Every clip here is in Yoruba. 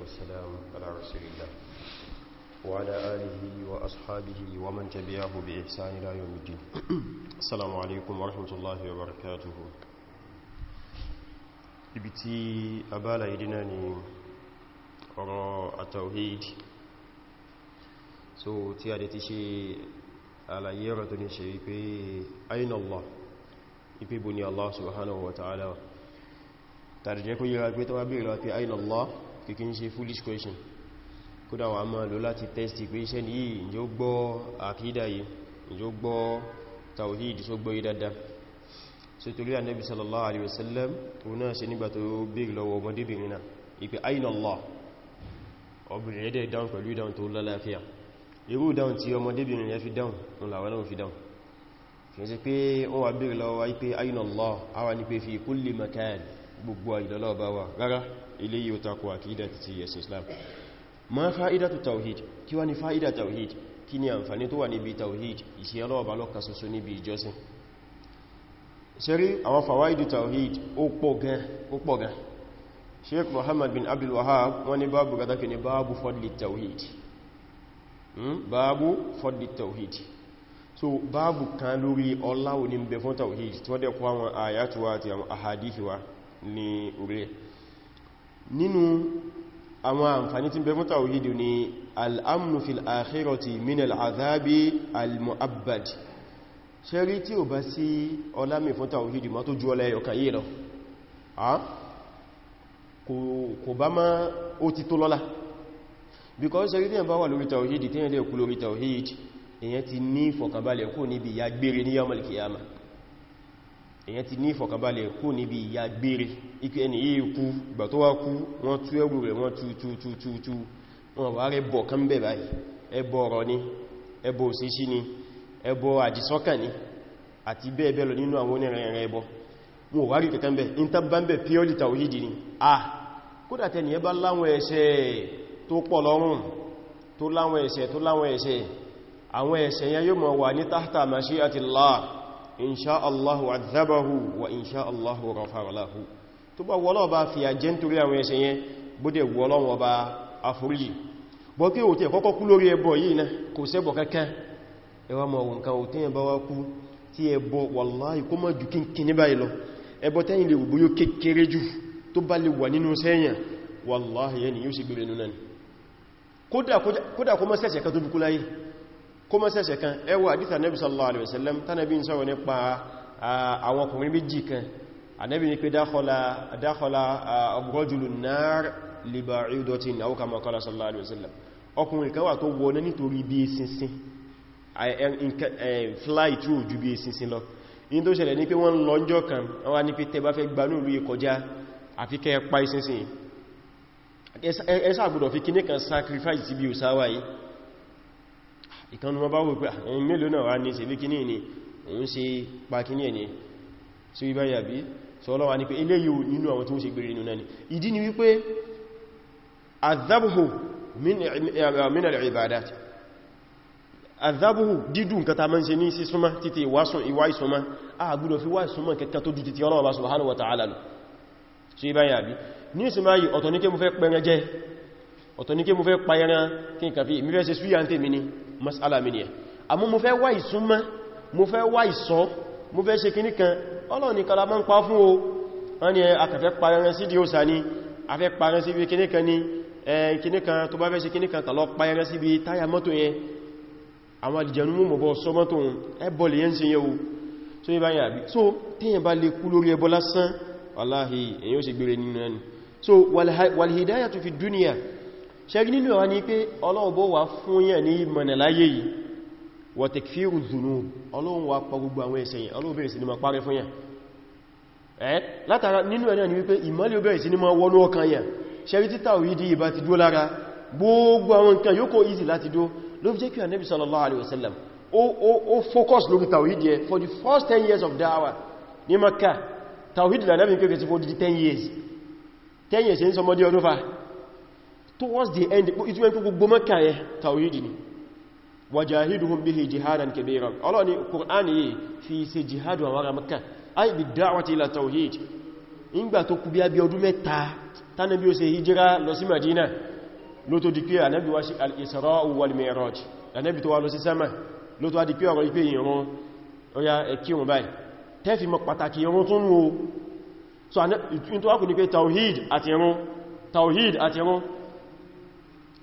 والسلام على رسول الله وعلى آله وأصحابه ومن تبعه بإحسان إلى يوم الدين السلام عليكم ورحمة الله وبركاته ibiti abala idina ni ọ̀rọ̀ atawhid so tí a dẹ̀ ti ṣe àlàyé ọ̀rọ̀ tó ní ṣe wípé ayin Allah ipé bú ni Allah subhanahu wa ta'ala tàbí jẹ́ kó yíra pé tó wá bí ìrọ̀ pé ayin Allah kìkí ń ṣe foolish question kódà wà máa lò láti test pé iṣẹ́ ni yìí ìjọ gbọ́ àkídà yìí ìjọ gbọ́ tawhid so gbọ́ yìí dáadáa so torí Ànábì sallallahu alaihi wasallam òun náà ṣe nígbà tó bèèrè lọ́wọ́ ọmọdébìnrin náà ìpé aina Allah ọbìnrin ẹ̀dẹ̀ dáhùn pẹ̀lú ìdáhùn tó lálàáfíà irú ìdáhùn tí ọmọdébìnrin yẹn fi dáhùn òun làwọn náà fi dáhùn kìí pé ó wà bèèrè lọ́wọ́ wáyé pé aina Allah ní pé fi kulli makan gbogbo àìdọ́lọ́ọ̀bá wa rárá ilé yíò takò àkídà ti yẹ̀sìn Islam ma fa'idatu tawhid kí wá ní fa'ida tawhid kí ni àǹfàní tó wà níbi tawhid ìṣẹ́ ọlọ́ọ̀bá lọ́kà soso níbi ìjọsìn ṣeré àwọn fawaidu tawhid ó pọ̀ gan sheik Muhammad bin Abdul Wahab wọ́n ní báàbù gátàkì ní báàbù fadli tawhid hmm? báàbù fadli tawhid so báàbù kan lórí ọlá òní bẹ fún tawhid tí wọ́n dẹ̀ kọ́ àwọn àyàtùwà àti àwọn àhàdíhìwà ní orílẹ̀ nínú àwọn àǹfàní tí ń bẹ fún tàwídù ni al'amnu fil akhirati min al'adhabi al-mu'abbad ṣẹ́rí tí ó bá sí ọlámi fún tàwídù ma tó ju ọlá ẹyọ kàyí lọ kò bá má ó ti tó lọ́lá because ṣẹ́rí tí ẹ bá wà lórí tàwídù tí ẹ lè kú lórí tàwídù èyàn ti ní ìfọ̀kànbalẹ̀ kò èyàn ti ní ìfọ̀kànbalẹ̀ kú níbi ìyà gbére ikú ẹni yìí kú ìgbà tó wá kú wọ́n tú ẹrù rẹ̀ wọ́n tú tú tú tú tú wọ́n wá rẹ̀ bọ̀ kan bẹ̀ báyìí ẹbọ ọ̀rọ̀ ni ẹbọ òṣìṣí ni ẹbọ àdìsọ́kàn ni àti bẹ́ẹ̀ bẹ́ẹ̀ lọ nínú àwọn onírẹ̀rẹ̀ ẹbọ wọ́n wá ah kódà tẹni ẹbá láwọn ẹ̀ṣẹ̀ tó pọ̀ lọ́rùn tó láwọn ẹ̀ṣẹ̀ tó láwọn tahta mashi'atillah in sha Allahu adhabahu wa in sha Allahu ghafara lahu tó bá wọ́lọ́ bá fi àjẹ́ nítorí àwọn ẹ̀ṣẹ̀ yẹn bó dẹ̀ wọ́lọ́ wọn bá àforíjì bọ́ kí òtí ẹ̀kọ́kọ́ kú lórí ẹbọ yìí na kò sẹ́bọ̀ kankan ẹwà mọ̀ wọn kan òtí ẹ̀bá wá kú tí ẹbọ wàláhì kó mọ̀ jù kínkín báyìí lọ ẹbọ tẹ́yìn lè rùgbó yóò kékeré kó mọ́ sẹ́sẹ̀ kan ẹ wo àdíta nẹ́bí sallallahu alaihi wasallam tánàbí ń sọ́rọ̀ nípa àwọn ọkùnrin méjì kan anẹ́bí ni pé dákọlá ọgbọ́jùlù náà libà ìdọ̀tín àwọn kamakọlá sallallahu alaihi wasallam ọkùnrin kan wà tó wọ́n nítorí bí fly through ju bí sinsin lọ in tó ṣẹlẹ̀ ní pé wọ́n lọ́njọ́ kan wọ́n ní pé tẹ bá fẹ́ gbanú ìlú ìkọjá àfi kẹ́ pa isinsin ẹsà gbọ́dọ̀ fi kíní kan sacrifice bí òsáwà yìí ìkanu wọn bá wò pé ẹ̀yìn ah, mélòó náà wá ní ṣe bí kíní ní òun ṣe pa kíní ẹni sí ibá yàbí sọ ọlọ́wà ní pé eléyìí nínú àwọn tí ó ṣe gbèrè nínú náà ni ìdí ni wípé azabuhu eh, min al-ibadat azabuhu dídùn kata mọ́ ṣe ní sísúnmá títí ìwá ìsúnmá a gbọ́dọ̀ fi wá ìsúnmá kẹta tó ju títí ọlọ́wà subhanahu wa ta'ala lọ sí ibá yàbí ní ìsúnmá yìí ọ̀tọ̀ ní kí mo fẹ́ pẹran jẹ ọ̀tọ̀ ní kí mo fẹ́ mas'ala mi nìyẹn àmọ́ mo fẹ́ wá ìsúnmọ́ mo fẹ́ wá ìsọ́ mo fẹ́ ṣe kìní kan Ọlọ́run nìkan la máa ń pa fún o wọ́n ni àkàfẹ́ parẹ́rẹ́ sí di òsà ni afẹ́ parẹ́ sí ibi kìní kan ni kìní kan tó bá fẹ́ ṣe kìní kan kàlọ́ parẹ́rẹ́ sí ibi táyà mọ́tò yẹn àwọn àdìjẹ̀nú mọ̀ bọ́ sọ mọ́tò ẹbọ̀ lè yẹn sí yẹ o tó yẹ bá yà bí so téèyàn bá lè kú lórí ẹbọ lásán wàláhì èyàn ó sì gbére nínú ẹni so wal hidayatu fi dunya ṣẹ́gi nílò wọn ni pé ọlọ́ọ̀bọ̀ wà fún yẹn ní mọ̀nàláyé yìí wọ́n tẹ̀ fi rù zùnú pa gbogbo àwọn ẹ̀ṣẹ̀ yẹn sí ni ma parí fún yẹn ẹ́ látara nínú ẹ̀nà ni wípé ìmọ́lẹ̀ bẹ̀rẹ̀ ni ma wọnú ọkàn yẹn ṣẹ́rí títà òyídí ti dó lára gbogbo àwọn nǹkan yóò easy láti dó ló fi jẹ́ kí ànábì sallallahu alaihi wasallam ó focus lórí tawhid yẹn for the first 10 years of da'wa ní Makkah tawhid lànàbì kékeré sí for the 10 years 10 years ń sọmọdé ọdún fa towards the end it went gbogbo Mẹ́kà yẹn tawhid ni wajahiduhum bihi jihadan kabira Allah ni Qur'an yìí fi ṣe jihad wa wara Mẹ́kà ay bi da'wati ila tawhid ìgbà tó kù bí àbí ọdún mẹ́ta tanabi ó ṣe hijira lọ sí Madina ló tó di pé Ànábì wá ṣe al-Isra wal Mi'raj Ànábì tó wá lọ sí sama ló tó di pé ọ̀rọ̀ ipe ìrun ó yá ẹ kírun báyìí tẹ́ fi mọ̀ pàtàkì ìrun tún o so an to wá kù ní pé tawhid àti ìrun tawhid àti ìrun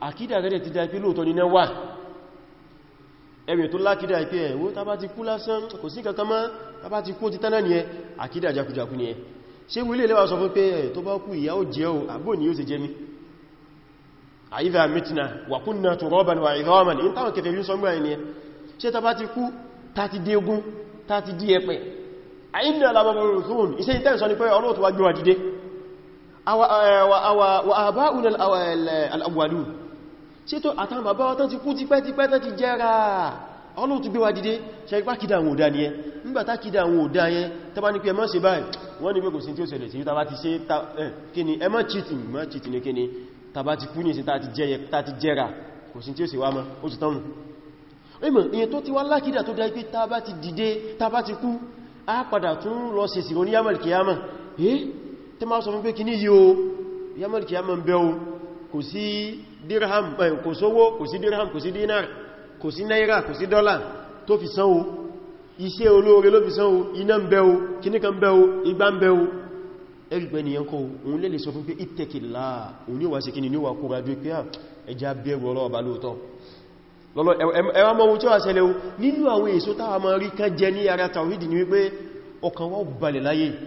àkídà rẹ̀ ti dáipé lóòtọ́ ní náà wà ẹ̀rìn tó lákídà ìpé ẹ̀wọ́ tàbá ti kú lásán kò sí kankan mọ́ tàbá ti kú ti tánà ní ẹ àkídà jákújákú ní ẹ ṣe wílé lẹ́wà sọ fún pé ẹ̀ tó bá kú ìyá ó jẹ́ o àbò ni yóò ṣe jẹ́ mi àyíká mítìnà wà kunna turaban wà idhaman in táwọn kẹfẹ́ yún sọgbà ẹni ẹ ṣe tàbá وآباؤنا الأولون ṣétò àtàrà bàbá wa tán ti kú tipẹ́tipẹ́ tán ti jẹ́ra ọlọ́run tó gbé wa dìde ṣẹ́gbá kìdà àwọn òdá ni ẹ nígbàtá kìdà àwọn òdá yẹn tó bá ní pé ẹ má ṣe báyìí wọ́n ní pé kò sí tí ó ṣẹlẹ̀ sí tàbá ti ṣe eh, kíni ẹ má cheating má cheating ní kíni tàbá ti kú ní sí tá ti jẹ́ra tó máa sọ fún pé kí ní yíò yamalki ya mọ̀ bẹ́ o kò sí dirham kò sówó kò sí dirham kò sí dinar kò sí náírà kò sí dọ́là tó fi sanwó iṣẹ́ olóore ló fi sanwó iná bẹ́ o kíníkan bẹ́ o igbá bẹ́ o ẹgbẹ́ ni yankọ òun lè lè sọ fún pé ìtẹ́kìlá òun yíò wá sí kíni níwà kó rájú pé ah, ẹja bẹ̀rù ọlọ́ọ̀bá lóòtọ́ lọ́lọ́ ẹwà mọ́ ohun tí ó wà ṣẹlẹ̀ o nínú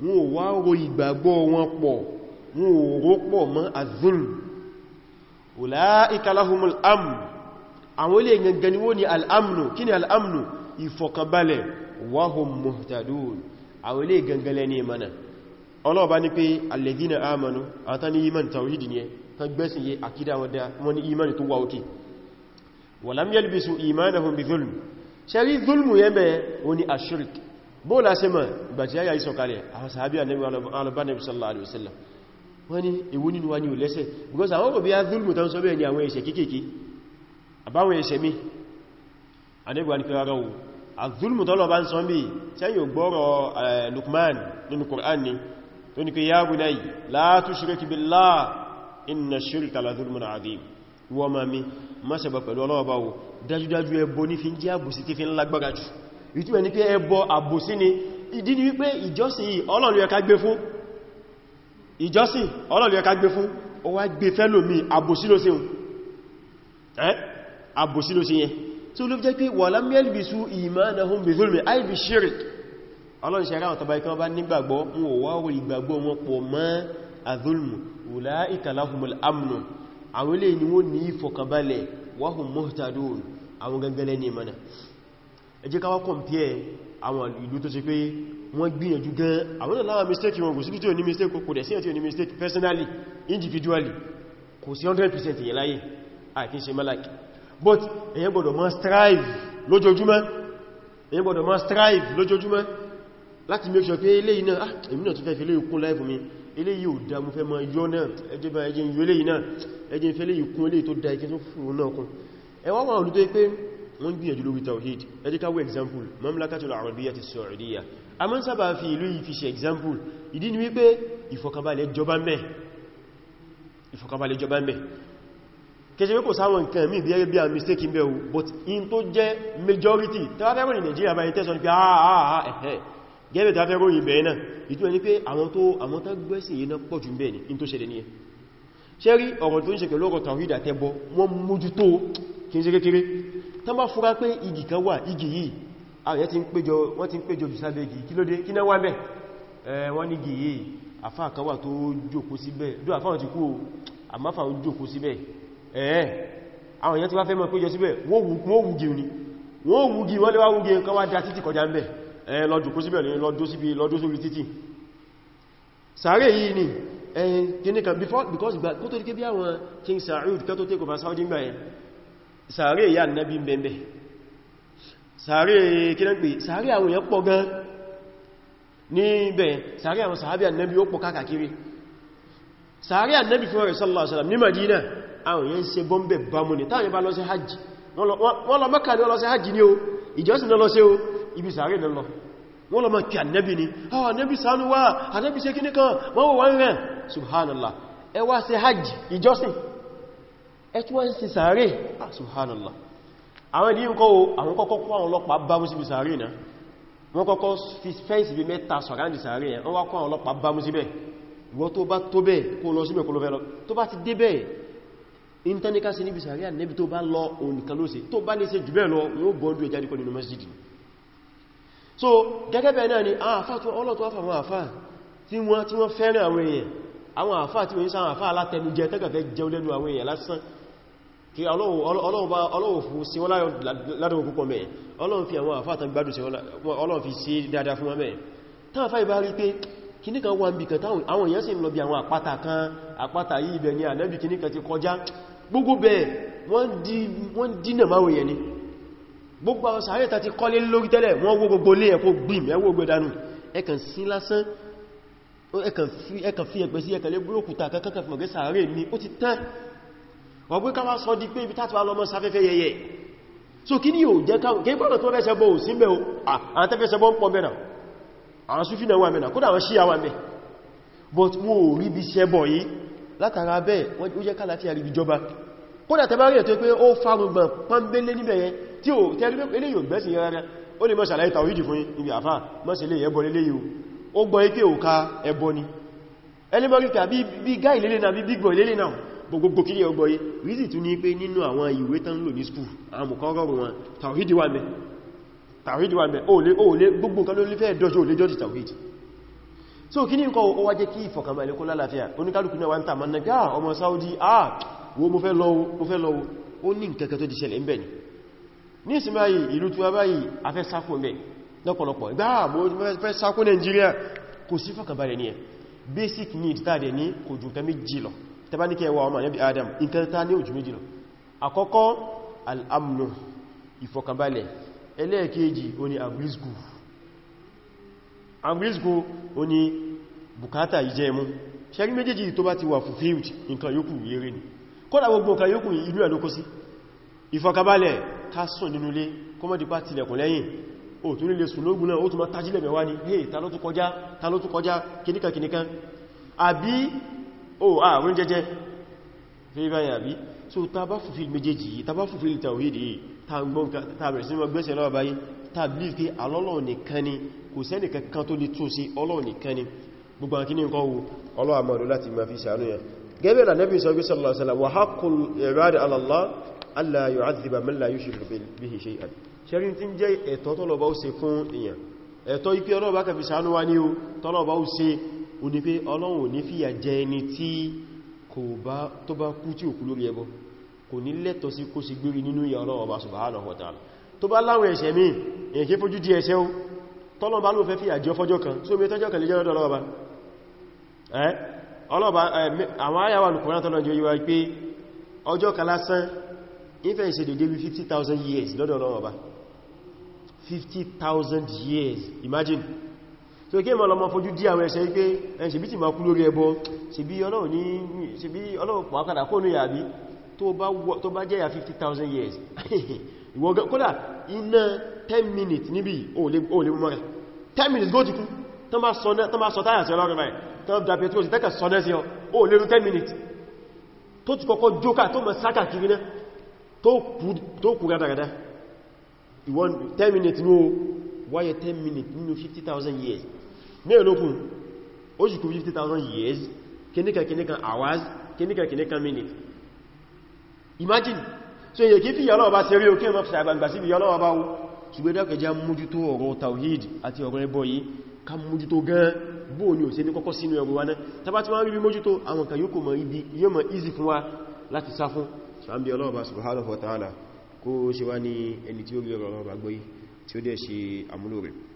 wọn ò wá ro ìgbàgbọ́ wọn pọ̀ wọn ò rò pọ̀ mọ́ azul ulaika lahumul amn àwọn ilé gangan wó ni al'amnu kí ni al'amnu ìfọ̀kànbalẹ̀ wahum muhtadun àwọn ilé gangalẹ̀ ní mana ọlọ́ọ̀bá ní pé alladhina amanu àtà ní iman tawhidi ni ta gbẹ́sìn yẹ àkídà wadda wọn bóòlá sí mọ̀ ìgbàtí yáyà ìsọ̀kalẹ̀ àwọn sàábí ànẹ́bí alubánẹ́bí sallallahu alaihi wasallam wọ́n ni ewu nínú wa ní ò lẹ́sẹ̀ because àwọn òbí azúlmù tán sọ́bẹ̀ ní àwọn ẹ̀ṣẹ̀ kéèkéé àbáwọn ẹ̀ṣẹ̀ mi ànẹ́bí wa ní pé ara azúlmù tọ́lọ bá ń sọ bí sẹ́yìn ògbọ́rọ̀ Luqman nínú Qur'an ni tó ní pé ya bunay la tushrik billah inna shirka la zulmun azim ìtumẹ̀ ní pé ẹbọ àbòsí ni ìdí ni wípé ìjọsìn yìí Ọlọ́run ló yẹ ká gbé fún ìjọsìn Ọlọ́run ló yẹ ká gbé fún ó wá gbé fẹ́lòmí àbòsí ló ṣeun ẹ́ àbòsí ló ṣe yẹn tí ó ló jẹ́ pé walam yalbisu imanahum bi zulmi ay bi shirk Ọlọ́run ṣe ráwọ̀ tàbí kan bá nígbàgbọ́ wọn ò àwọn ilé ni wọ́n ẹ jẹ́ ká wá compare àwọn ìlú tó ṣe pé wọ́n gbìyànjú gan àwọn náà láwọn mistake wọn kò sí tí ò ní mistake kò dẹ̀ sí ẹ̀ tí ò ní mistake personally individually kò sí 100% èyẹ láyé àìkí ṣe mẹ́láàkì but èyẹ gbọ́dọ̀ máa strive lójoojúmọ́ èyẹ gbọ́dọ̀ máa strive lójoojúmọ́ láti make sure pé eléyìí náà ah, èmi náà tún fẹ́ fi eléyìí kún life mi eléyìí ò dá mú fẹ́ máa yọ náà ẹjẹ́ bá ẹjẹ́ yọ eléyìí náà ẹjẹ́ fẹ́ eléyìí kún eléyìí tó dá ẹjẹ́ tó fún náà kún ẹwà wọn olùtọ́ pé wọ́n gbìyànjú lórí tawhid ẹjíkáwọ́ example mamlakatul arabiya ti saudiya a mọ́ sábà fi ìlú yìí fi ṣe example ìdí ni wípé ìfọ̀kànbalẹ̀ jọba mẹ́ ìfọ̀kànbalẹ̀ jọba mẹ́ kẹsẹ̀ wípò sáwọn nǹkan mí bẹ́ẹ̀ bí a mistake ń bẹ̀ o but in tó jẹ́ majority tẹ́wàfẹ́rò ní Nigeria bá ìtẹ́sọ́ ní pé àà ẹ̀hẹ́ gẹ́bẹ̀ tẹ́wàfẹ́rò yìí bẹ̀ẹ́ náà ìtú ẹni pé àwọn tó àwọn tó gbẹ́sìn yìí náà pọ̀ jù bẹ́ẹ̀ ni in tó ṣẹlẹ̀ ní ẹ ṣẹ́rí ọ̀rọ̀ tó ń ṣe pẹ̀lú ọ̀rọ̀ tàwídà tẹ́bọ wọ́n mójútó kí n ṣe kékeré tán bá fura pé igi kan wà igi yìí àwọn ti ń péjọ wọ́n ti ń péjọ jù sábẹ́ igi kí ló dé kí náà wà bẹ́ wọ́n ní igi yìí àfáà kan wà tó jókòó síbẹ̀ dó àfáà ti kú o àmáfà ń jókòó síbẹ̀ ẹ̀ẹ́ àwọn èèyàn ti wá fẹ́ mọ́ péjọ síbẹ̀ wọ́n wùgì ni wọ́n wùgì wọ́n kan wá dá títì kọjá ń bẹ̀ ẹ̀ẹ́ because gbà kó bí àwọn King Saud kan tó take over Saudi gbà yẹn sàárè ìyá nẹ́bí bẹ̀m̀bẹ̀ sàárè kínágbé sàárè àwọn èèyàn pọ̀ gan ní ibẹ̀ sàárè àwọn sàábí ànẹ́bí ó pọ̀ káàkiri sàárè ànẹ́bí fún ọ̀rẹ́ sallallahu alaihi wasallam ní Madina àwọn èèyàn ṣe bọ́m̀bẹ̀ bámu ní táwọn yẹn bá lọ sí hajj wọ́n lọ Mẹ́kà ní ó lọ sí hajj ní o ìjọsìn lọ sí o ibi sàárè ní lọ wọ́n lọ ni ah, subhanallah ẹ wá sí hajj ẹ̀tùwọ́n sí sàárè ah, subhanallah àwọn ìdí ń kọ́ àwọn kọ́kọ́ kọ́ àwọn ọlọ́pàá bá mú síbi sàárè náà wọ́n kọ́kọ́ fi fẹ́ǹsì bí mẹ́ta sọ̀ráǹdì sàárè ẹ̀ wọ́n wá kọ́ àwọn ọlọ́pàá bá mú síbẹ̀ wọ́n tó bá tó bẹ̀ kó lọ síbẹ̀ kó lọ fẹ́ lọ tó bá ti dé bẹ̀ intanika sí níbi sàárè ànẹ́bí tó bá lọ òun nìkan ló ṣe tó bá lè ṣe jù bẹ́ẹ̀ lọ yóò bọ́ọ̀dù ẹ̀jáde kọ́ nínú masjid so gẹ́gẹ́ bẹ́ẹ̀ náà ni àwọn àfáà tí wọ́n ọlọ́tọ́ àwọn àfáà tí wọ́n fẹ́ràn àwọn èèyàn àwọn àfáà tí wọ́n ń sáwọn àfáà alátẹnujẹ tẹ́gàfẹ́ jẹun lẹ́nu àwọn èèyàn lásán kí ọlọ́wọ́ fún sí wọ́n ládọ́wọ́ púpọ̀ mẹ́ ọlọ́wọ́ fi àwọn àfáàtàn gbádùn sí ọlọ́wọ́ fi sí dáadáa fún wọn mẹ́ tán fà ìbá rí pé kìníkan wà ń bí kẹta àwọn èèyàn sì ń lọ bí àwọn àpáta kan àpáta yìí ibẹ̀ ni ànábì kìníkan ti kọjá gbogbo bẹ́ẹ̀ wọ́n dínà máa wèèyàn ni gbogbo àwọn sàárẹ̀ ta ti kọ́lé lórí tẹ́lẹ̀ wọ́n wó gbogbo lé ẹ̀kọ́ gbìm ẹwọ́ gbẹ̀dánù ẹkàn sí lásán ẹkàn fi ẹ̀pẹ̀ sí ẹkàn lé búrókùta kankan fún ọ̀gẹ́ sàárẹ̀ ni ó ti tán wọ́n pé ká wá sọ di pé ibi tàti wá lọ́mọ sáfẹ́fẹ́ yẹyẹ so kí ní yóò jẹ́ káwọn kí pọ̀nà tó rẹ́sẹ̀ bọ́ sí mẹ́ àwọn tẹ́fẹ́sẹ̀ bọ́ ń pọ̀ mẹ́nà àwọn súfí náà wà mẹ́nà kódà àwọn ṣíyà wà mẹ́ but wọ́n ò rí bí sẹ́bọ̀ yìí látara bẹ́ẹ̀ ó jẹ́ kálàfíà rí ìjọba kódà tẹ́bá rí ẹ̀tọ́ pé ó fárúgbọ̀n pọ́nbélé níbẹ̀ yẹn tí ó tẹ́rí pé eléyìí bí gáì lélé náà bí bígbọ̀ lélé náà gbogbo kílẹ̀ ọgbọ̀ yìí rízì tún ní pé nínú àwọn ìwé tán lò ní skúù àwọn mọ̀kọ́rọ̀rùn wọn tàwídì wà mẹ́ tàwídì wà mẹ́ òòlé òòlé gbogbo nǹkan ló lífẹ́ dọ́jọ́ òòlé jọ́ ti tàwídì so kí ní nǹkan ó wá kí ah, Saudi ah wo mo fẹ́ lọ́wọ́ mo fẹ́ lọ́wọ́ ni ní ìsinmi ayé ìlú tí wá báyìí a fẹ́ sákò mẹ́ lọ́pọ̀lọpọ̀ ìgbà ah, mo fẹ́ sákò Nàìjíríà basic need tàdẹ̀ ní kò méjì lọ tẹbáníkẹ wà ọmọ ànábì adam nǹkan tá ní ojú méjì lọ àkọ́kọ́ al'amnu ìfọkànbalẹ̀ ẹlẹ́ẹ̀kejì o ni agrisgo agrisgo o ni bukata ìjẹ́ mú ṣẹ́rí méjèèjì tó bá ti wà fulfilled nǹkan yókù yẹrẹ ni kódà gbogbo nǹkan yókù inú ẹ̀ ló kó sí ìfọkànbalẹ̀ ni hey ta ló tún kọjá ta ló tún oh àrùn ah, jẹjẹ fi báyà bí so ta bá fulfill méjèèjì yìí ta bá fulfill tawhid yìí ta gbọ́n ta bẹ̀rẹ̀ sí gbẹ́sẹ̀ lọ́wọ́ báyìí ta believe pé Ọlọ́run nìkan ni kò sẹ́ni kankan tó lè tún sí Ọlọ́run nìkan ni gbogbo àkíní nǹkan wo Ọlọ́run àmọ́dọ̀ láti máa fi ṣàánú yẹn gẹ́gẹ́ la Nabi sallallahu alaihi wasallam wa haqqul ibadi ala Allah alla yu'adhiba man la yushriku bihi shay'an ṣẹ́rin tí ó ní pé ọlọ́run ní fìyà jẹ ẹni tí kò bá tó bá kú tí òkú lórí ẹbọ kò ní lẹ́tọ̀ sí kó sì gbérí nínú ìyà ọlọ́run ọba subhanahu wa ta'ala tó bá láwọn ẹ̀ṣẹ̀ míì èyàn kí fojú di ẹ̀ṣẹ̀ ó tọ́lọ́n bá ló fẹ́ fìyà jẹ fọ́jọ́ kan tó mi tọ́jọ́ kan ọjọ́ kan lásán ìfẹ́ ìṣẹ̀dẹ̀dẹ̀ bí 50,000 years lọ́dọ̀ ọlọ́ọ̀bá 50,000 years imagine so kí ma lọ ma fojú dí àwọn ẹ̀ṣẹ̀ pé ẹn ṣe bí ti ma kú lórí ẹbọ ṣe bí Ọlọ́run pàákàdà kó ní àbí tó bá jẹ́ ya 50,000 years ìwọ̀gán kódà iná 10 minutes níbi olè mọ́rẹ̀ 10 minutes góòtù kú tán bá sọ táyà sí ọlọ́rẹ̀ báyìí tán dà pẹ̀tù òsì tẹ́kà sọ́dẹ́ sí ọ olè rú 10 minutes tó ti kọ́kọ́ jókà tó mọ̀ sákà kiri náà tó kù gádàgádá ìwọ̀n 10 minutes ní ó wáyé 10 minutes nínú 50,000 years ní ẹ̀lókùn ó sì kú 50,000 years kíníkà kíníkà hours kíníkà kíníkà minute imagine so yẹ kí fi yọ́lọ́ ọba ṣe rí o kí ẹmọ́ fi àgbàgbà sí yọ́lọ́ ọba o ṣùgbẹ́dàkẹjá mójútó ọ̀rọ̀ tawhid àti ọ̀rọ̀ ẹbọ yìí ká gan bóò ni ò sí ní kọ́kọ́ sínú ẹgbẹ̀ wa náà tàbá tí wọ́n rí bí mójútó àwọn kan yóò ibi yóò mọ̀ easy fún wa láti sá fún ṣàmbí ọlọ́ọ̀bá subhanahu wa ta'ala kó ṣe wá ní ẹni tí ó